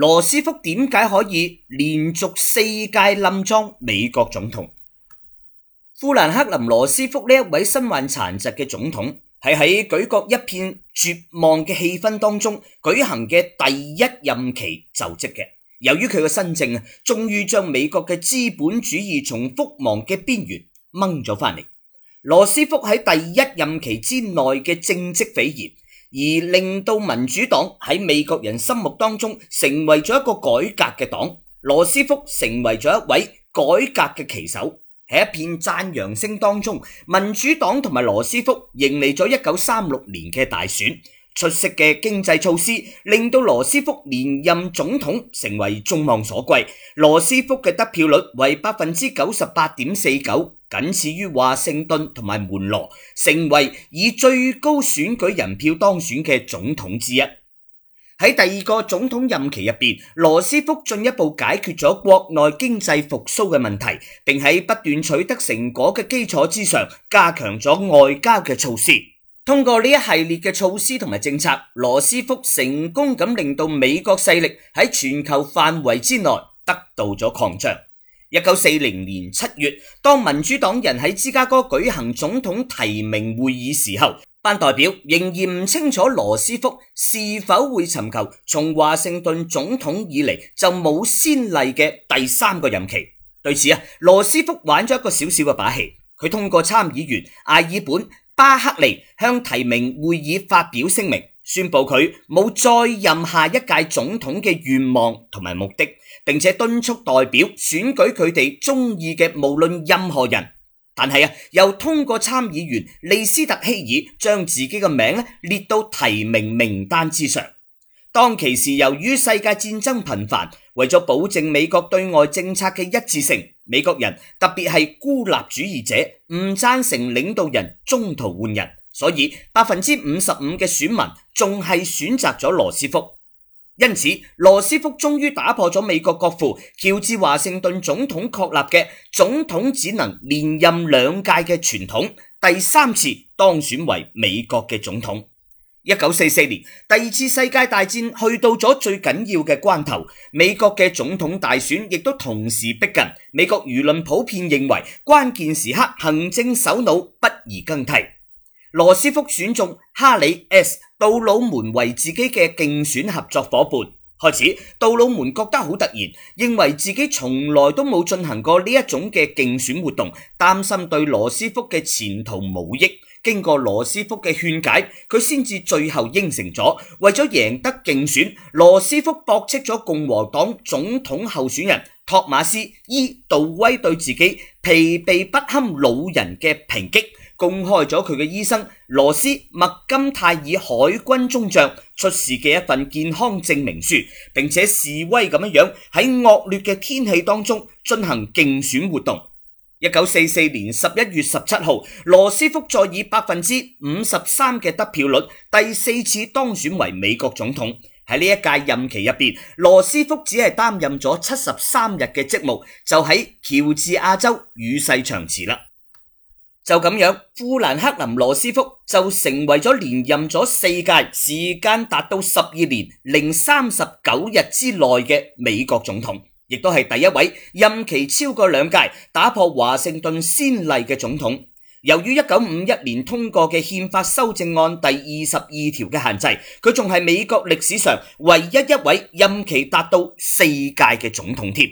羅斯福點解可以連續四屆冧莊美國總統？富蘭克林羅斯福呢一位身患殘疾嘅總統，係喺舉國一片絕望嘅氣氛當中舉行嘅第一任期就職嘅。由於佢嘅新政啊，終於將美國嘅資本主義從覆亡嘅邊緣掹咗翻嚟。羅斯福喺第一任期之內嘅政績斐然。而令到民主黨喺美國人心目當中成為咗一個改革嘅黨，羅斯福成為咗一位改革嘅旗手，喺一片讚揚聲當中，民主黨同埋羅斯福迎嚟咗一九三六年嘅大選，出色嘅經濟措施令到羅斯福連任總統成為眾望所歸，羅斯福嘅得票率為百分之九十八點四九。僅次於華盛頓同埋門羅，成為以最高選舉人票當選嘅總統之一。喺第二個總統任期入邊，羅斯福進一步解決咗國內經濟復蘇嘅問題，並喺不斷取得成果嘅基礎之上，加強咗外交嘅措施。通過呢一系列嘅措施同埋政策，羅斯福成功咁令到美國勢力喺全球範圍之內得到咗擴張。一九四零年七月，當民主黨人喺芝加哥舉行總統提名會議時候，班代表仍然唔清楚羅斯福是否會尋求從華盛頓總統以嚟，就冇先例嘅第三個任期。對此啊，羅斯福玩咗一個小小嘅把戲，佢通過參議員艾爾本巴克利向提名會議發表聲明。宣布佢冇再任下一屆總統嘅願望同埋目的，並且敦促代表選舉佢哋中意嘅無論任何人。但係啊，又通過參議員利斯特希爾將自己嘅名咧列到提名名單之上。當其時，由於世界戰爭頻繁，為咗保證美國對外政策嘅一致性，美國人，特別係孤立主義者，唔贊成領導人中途換人。所以百分之五十五嘅選民仲係選擇咗羅斯福，因此羅斯福終於打破咗美國國父喬治華盛頓總統確立嘅總統只能連任兩屆嘅傳統，第三次當選為美國嘅總統。一九四四年，第二次世界大戰去到咗最緊要嘅關頭，美國嘅總統大選亦都同時逼近。美國輿論普遍認為關鍵時刻，行政首腦不宜更替。羅斯福選中哈里 S 杜魯門為自己嘅競選合作伙伴，開始，杜魯門覺得好突然，認為自己從來都冇進行過呢一種嘅競選活動，擔心對羅斯福嘅前途無益。經過羅斯福嘅勸解，佢先至最後應承咗。為咗贏得競選，羅斯福駁斥咗共和黨總統候選人托馬斯伊杜威對自己疲憊不堪老人嘅抨擊。公開咗佢嘅醫生羅斯麥金泰爾海軍中將出示嘅一份健康證明書，並且示威咁樣樣喺惡劣嘅天氣當中進行競選活動。一九四四年十一月十七號，羅斯福再以百分之五十三嘅得票率第四次當選為美國總統。喺呢一屆任期入邊，羅斯福只係擔任咗七十三日嘅職務，就喺喬治亞州與世長辭啦。就咁樣，富蘭克林羅斯福就成為咗連任咗四屆，時間達到十二年零三十九日之內嘅美國總統，亦都係第一位任期超過兩屆、打破華盛頓先例嘅總統。由於一九五一年通過嘅憲法修正案第二十二條嘅限制，佢仲係美國歷史上唯一一位任期達到四屆嘅總統添。